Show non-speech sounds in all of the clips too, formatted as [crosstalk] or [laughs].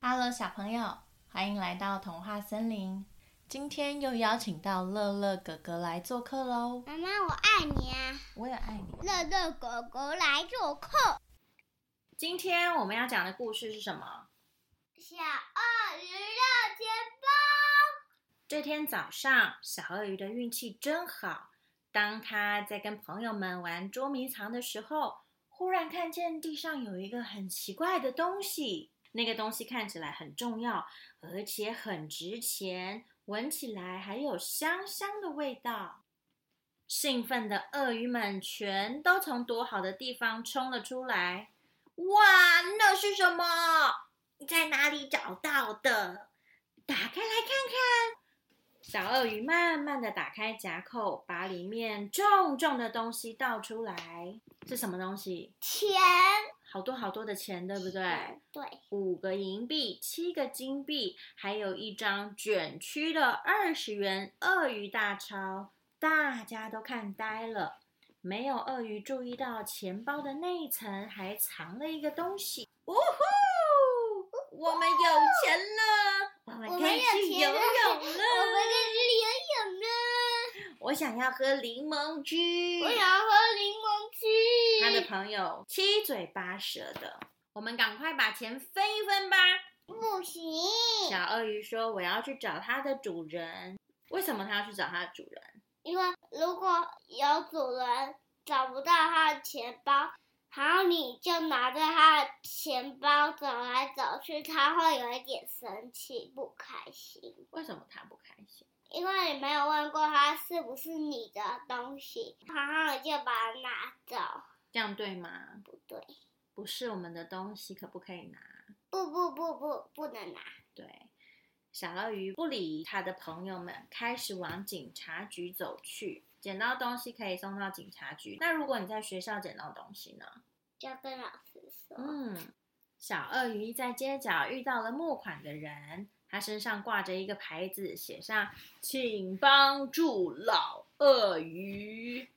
Hello，小朋友，歡迎來到童話森林。今天又邀請到樂樂哥哥來做客嘍！媽媽，我愛你啊。我也愛你啊。樂樂哥哥來做客。今天我們要講的故事是什麼？小鱷魚的錢包。這天早上，小鱷魚的運氣真好。當他在跟朋友們玩捉迷藏的時候，忽然看見地上有一個很奇怪的東西。那個東西看起來很重要，而且很值錢，聞起來還有香香的味道。興奮的鱷魚們全都從躲好的地方衝了出來。哇，那是什麼？在哪裡找到的？打開來看看。小鱷魚慢慢的打開夾扣，把裡面重重的東西倒出來。是什麼東西？錢。好多好多的錢，對不對、嗯？對，五個銀幣，七個金幣，還有一張捲曲的二十元鱷魚大鈔，大家都看呆了。沒有鱷魚注意到錢包的內層還藏了一個東西。嗚、嗯、呼，我們有錢了，我們可以去游泳了。我想要喝檸檬汁。我想要喝檸檬汁。他的朋友七嘴八舌的，我們趕快把錢分一分吧。不行。小鱷魚說：“我要去找它的主人。”為什麼他要去找他的主人？因為如果有主人找不到他的錢包，然後你就拿着他的錢包走來走去，他會有一點生氣、不開心。為什麼他不開心？因為你沒有問過他。這不是你的東西，哈哈，我就把它拿走。這樣對嗎？不對，不是我們的東西，可不可以拿？不不不不，不能拿。對，小鱷魚不理他的朋友們，開始往警察局走去。撿到東西可以送到警察局，那如果你在學校撿到東西呢？就要跟老師說。嗯，小鱷魚在街角遇到了募款的人。他身上掛着一個牌子，寫上“請幫助老鱷魚”。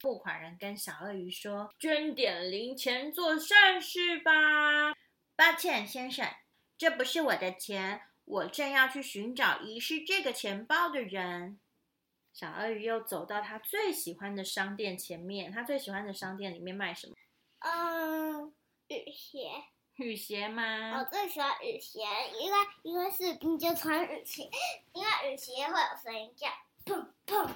付款人跟小鱷魚說：“捐點零錢做善事吧。”“抱歉，先生，這不是我的錢，我正要去尋找遺失這個錢包的人。”小鱷魚又走到他最喜歡的商店前面。他最喜歡的商店裡面賣什麼？嗯，雨鞋。雨鞋嗎？我最喜歡雨鞋，因為因為士兵就穿雨鞋，因為雨鞋會有聲音叫砰砰。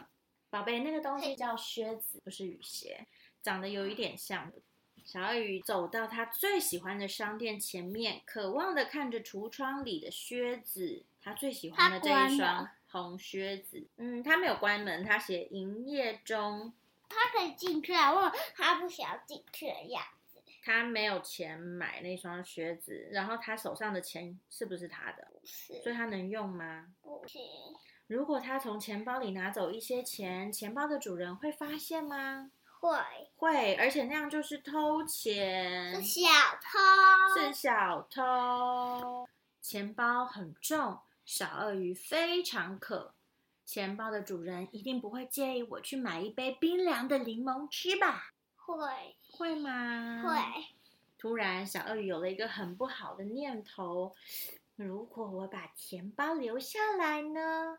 寶貝，那個東西叫靴子，不是雨鞋，長得有一點像的。小雨走到他最喜歡的商店前面，渴望的看着櫥窗裡的靴子，他最喜歡的這一雙紅靴子。嗯，他沒有關門，他寫營業中。他可以進去啊？我他不想要進去呀、啊？他沒有錢買那雙靴子，然後他手上的錢是不是他的？不是，所以他能用嗎？不行。如果他從錢包裡拿走一些錢，錢包的主人會發現嗎？會，會。而且那樣就是偷錢，是小偷，是小偷。錢包很重，小鱷魚非常渴。錢包的主人一定不會介意我去買一杯冰涼的檸檬汁吧？會。會嗎？會。突然，小鱷魚有了一個很不好的念頭：如果我把錢包留下來呢？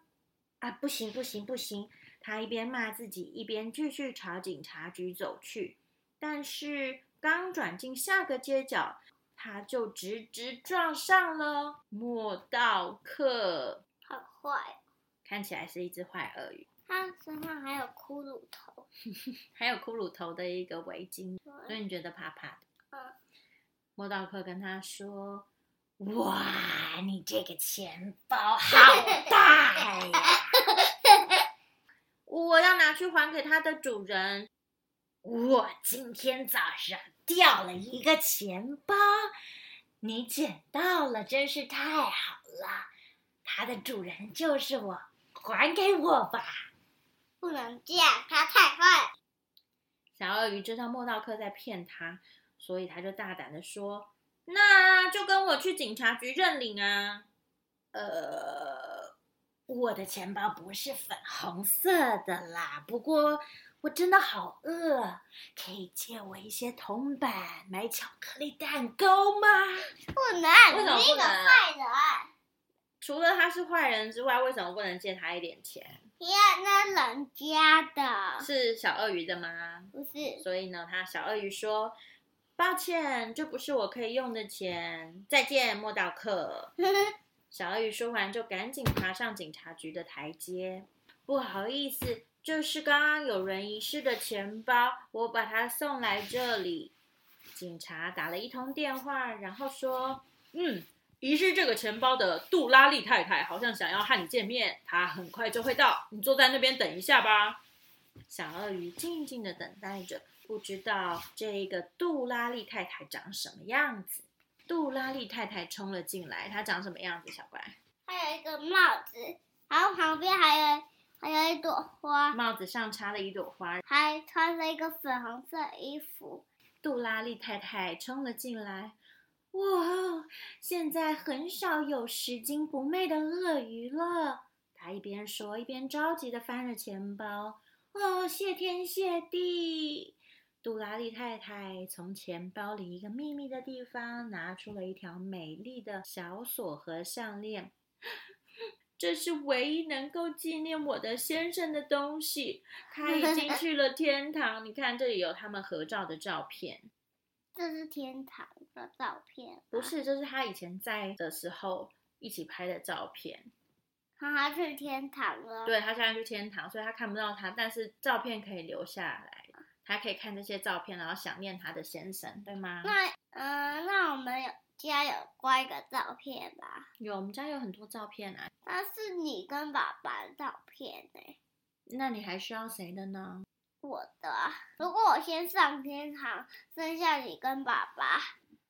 啊，不行，不行，不行！他一邊罵自己，一邊繼續朝警察局走去。但是，剛轉進下個街角，他就直直撞上了莫道克。好壞哦！看起來是一隻壞鱷魚。身上還有骷髏頭， [laughs] 還有骷髏頭的一個圍巾，所以你覺得怕怕的。啊、莫道克跟他說：“哇，你這個錢包好大呀， [laughs] 我要拿去還給它的主人。 [laughs] 我今天早上掉了一個錢包，你撿到了，真是太好了。它的主人就是我，還給我吧。”不能借，他太壞。小鱷魚知道莫道克在騙他，所以他就大膽的說：“那就跟我去警察局認領啊。”“呃，我的錢包不是粉紅色的啦，不過我真的好餓，可以借我一些銅板買巧克力蛋糕嗎？”“不能，為什麼不能？壞人。除了他是壞人之外，為什麼不能借他一點錢？”要那人家的是小鱷魚的嗎？不是，所以呢，他小鱷魚說：“抱歉，這不是我可以用的錢。”再見，莫道克。 [laughs] 小鱷魚說完就趕緊爬上警察局的台階。 [laughs] 不好意思，這是剛剛有人遺失的錢包，我把它送來這裡。警察打了一通電話，然後說：“嗯。”遺失這個錢包的杜拉利太太好像想要和你見面，她很快就會到，你坐在那邊等一下吧。小鱷魚靜靜的等待着，不知道這個杜拉利太太長什麼樣子。杜拉利太太衝了進來，她長什麼樣子？小乖。她有一個帽子，然後旁邊還有還有一朵花，帽子上插了一朵花，還穿了一個粉紅色衣服。杜拉利太太衝了進來。哇，現在很少有拾金不昧的鱷魚了。他一邊說，一邊着急地翻着錢包。哦，謝天謝地！杜拉利太太從錢包裡一個秘密的地方拿出了一條美麗的小鎖和項鏈。這是唯一能夠紀念我的先生的東西。他已經去了天堂。 [laughs] 你看，這裡有他們合照的照片。這是天堂的照片？不是，這，就是他以前在的時候一起拍的照片。他去天堂了，對，他現在去天堂，所以他看不到他，但是照片可以留下來，他可以看這些照片，然後想念他的先生，對嗎？那嗯、呃，那我們有家有乖的照片吧？有，我們家有很多照片啊。那是你跟爸爸的照片呢、欸。那你還需要誰的呢？我的、啊，如果我先上天堂，剩下你跟爸爸，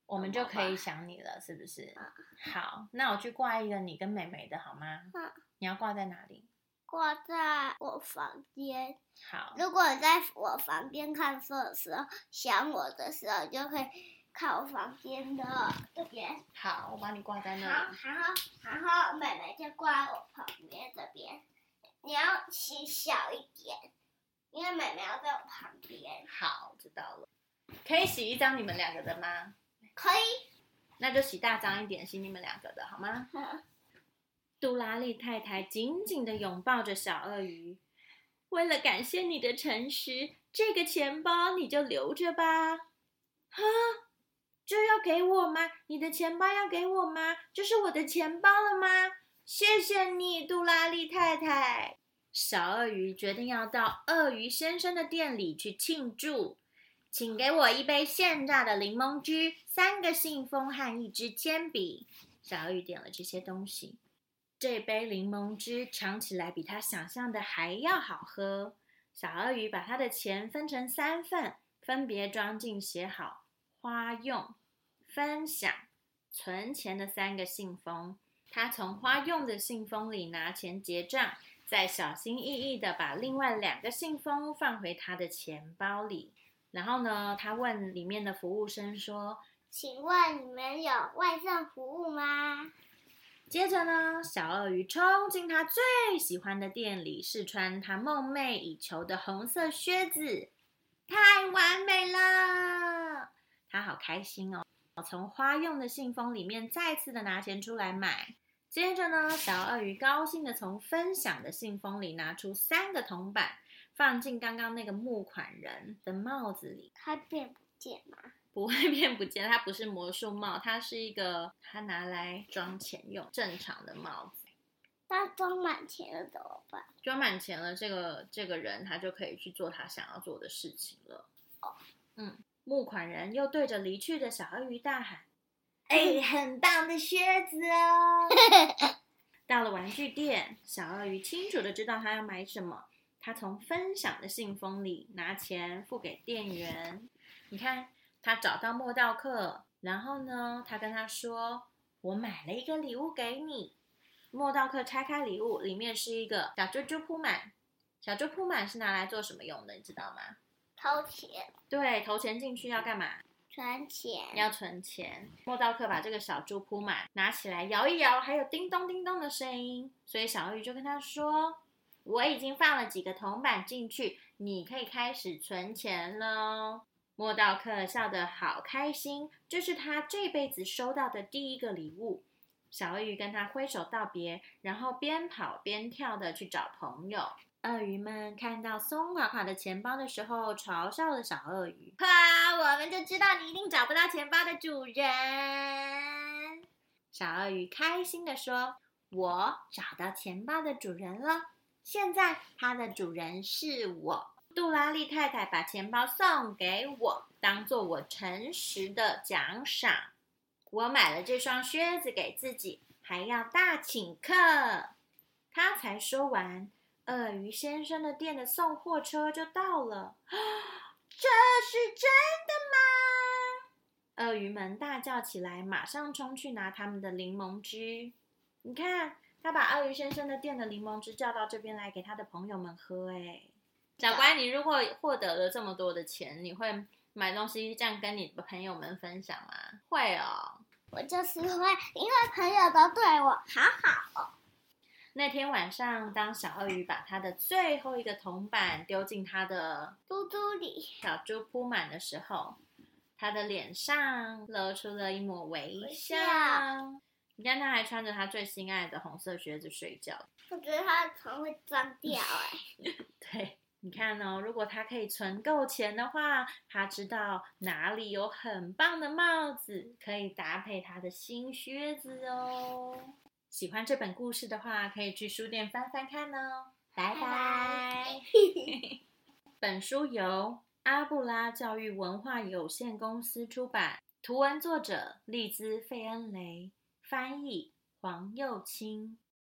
我們就可以想你了，是不是？嗯、好，那我去掛一個你跟妹妹的好嗎？嗯，你要掛在哪裡？掛在我房間。好，如果在我房間看書的時候想我的時候，你就可以看我房間的這邊。好，我把你掛在那裡。好，然後，然後妹妹就掛在我旁邊這邊。你要寫小一點。因為妹妹要在我旁邊。好，知道了。可以洗一張你們兩個的嗎？可以。那就洗大張一點，洗你們兩個的好嗎？好？杜拉利太太緊緊地擁抱着小鱷魚。為了感謝你的誠實，這個錢包你就留着吧。哈、啊？就要給我嗎？你的錢包要給我嗎？這、就是我的錢包了嗎？謝謝你，杜拉利太太。小鱷魚決定要到鱷魚先生的店裡去慶祝，請給我一杯現榨的檸檬汁、三個信封和一支鉛筆。小鱷魚點了這些東西。這杯檸檬汁嘗起來比他想象的還要好喝。小鱷魚把他的錢分成三份，分別裝進寫好“花用”、“分享”、“存錢”的三個信封。他從花用的信封裡拿錢結賬。再小心翼翼地把另外兩個信封放回他的錢包裡，然後呢，他問裡面的服務生說：“請問你們有外送服務嗎？”接着呢，小鱷魚衝進他最喜歡的店裡試穿他夢寐以求的紅色靴子，太完美了，他好開心哦！從花用的信封裡面再次的拿錢出來買。接着呢，小鱷魚高興地從分享的信封裡拿出三個銅板，放進剛剛那個募款人的帽子裡。它變不見嗎？不會變不見，它不是魔術帽，它是一個它拿來裝錢用、嗯、正常的帽子。他裝滿錢了怎麼辦？裝滿錢了，這個這個人他就可以去做他想要做的事情了。哦，嗯。募款人又對着離去的小鱷魚大喊。哎，很棒的靴子哦！ [laughs] 到了玩具店，小鱷魚清楚地知道他要買什麼。他從分享的信封裡拿錢付給店員。你看，他找到莫道克，然後呢，他跟他說：“我買了一個禮物給你。”莫道克拆開禮物，裡面是一個小豬豬撲滿。小豬撲滿是拿來做什麼用的？你知道嗎？掏錢。對，投錢進去要幹嘛？存錢，要存錢。莫道克把這個小豬撲滿，拿起來搖一搖，還有叮咚叮咚的聲音。所以小鱷魚就跟他說：“我已經放了幾個銅板進去，你可以開始存錢嘍。”莫道克笑得好開心，這、就是他這輩子收到的第一個禮物。小鱷魚跟他揮手道別，然後邊跑邊跳的去找朋友。鱷魚們看到鬆垮垮的錢包的時候，嘲笑了小鱷魚：“哈，我們就知道你一定找不到錢包的主人。”小鱷魚開心地說：“我找到錢包的主人了，現在它的主人是我。杜拉利太太把錢包送給我，當做我誠實的獎賞。我買了這雙靴子給自己，還要大請客。”他才說完。鱷魚先生的店的送貨車就到了。啊，這是真的嗎？鱷魚們大叫起來，馬上衝去拿他們的檸檬汁。你看，他把鱷魚先生的店的檸檬汁叫到這邊來給他的朋友們喝欸。哎，小乖，你如果獲得了這麼多的錢，你會買東西這樣跟你的朋友們分享嗎？會哦，我就是會，因為朋友都對我好好哦。那天晚上，當小鱷魚把它的最後一個銅板丟進它的豬豬裡，小豬鋪滿的時候，它的臉上露出了一抹微笑。微笑，你看，它還穿着它最心愛的紅色靴子睡覺。我覺得它的床會髒掉哎。 [laughs] 對，你看哦，如果它可以存夠錢的話，它知道哪裡有很棒的帽子可以搭配它的新靴子哦。喜歡這本故事的話，可以去書店翻翻看哦。拜拜。拜拜 [laughs] 本書由阿布拉教育文化有限公司出版，圖文作者麗茲·費恩雷，翻譯黃又青。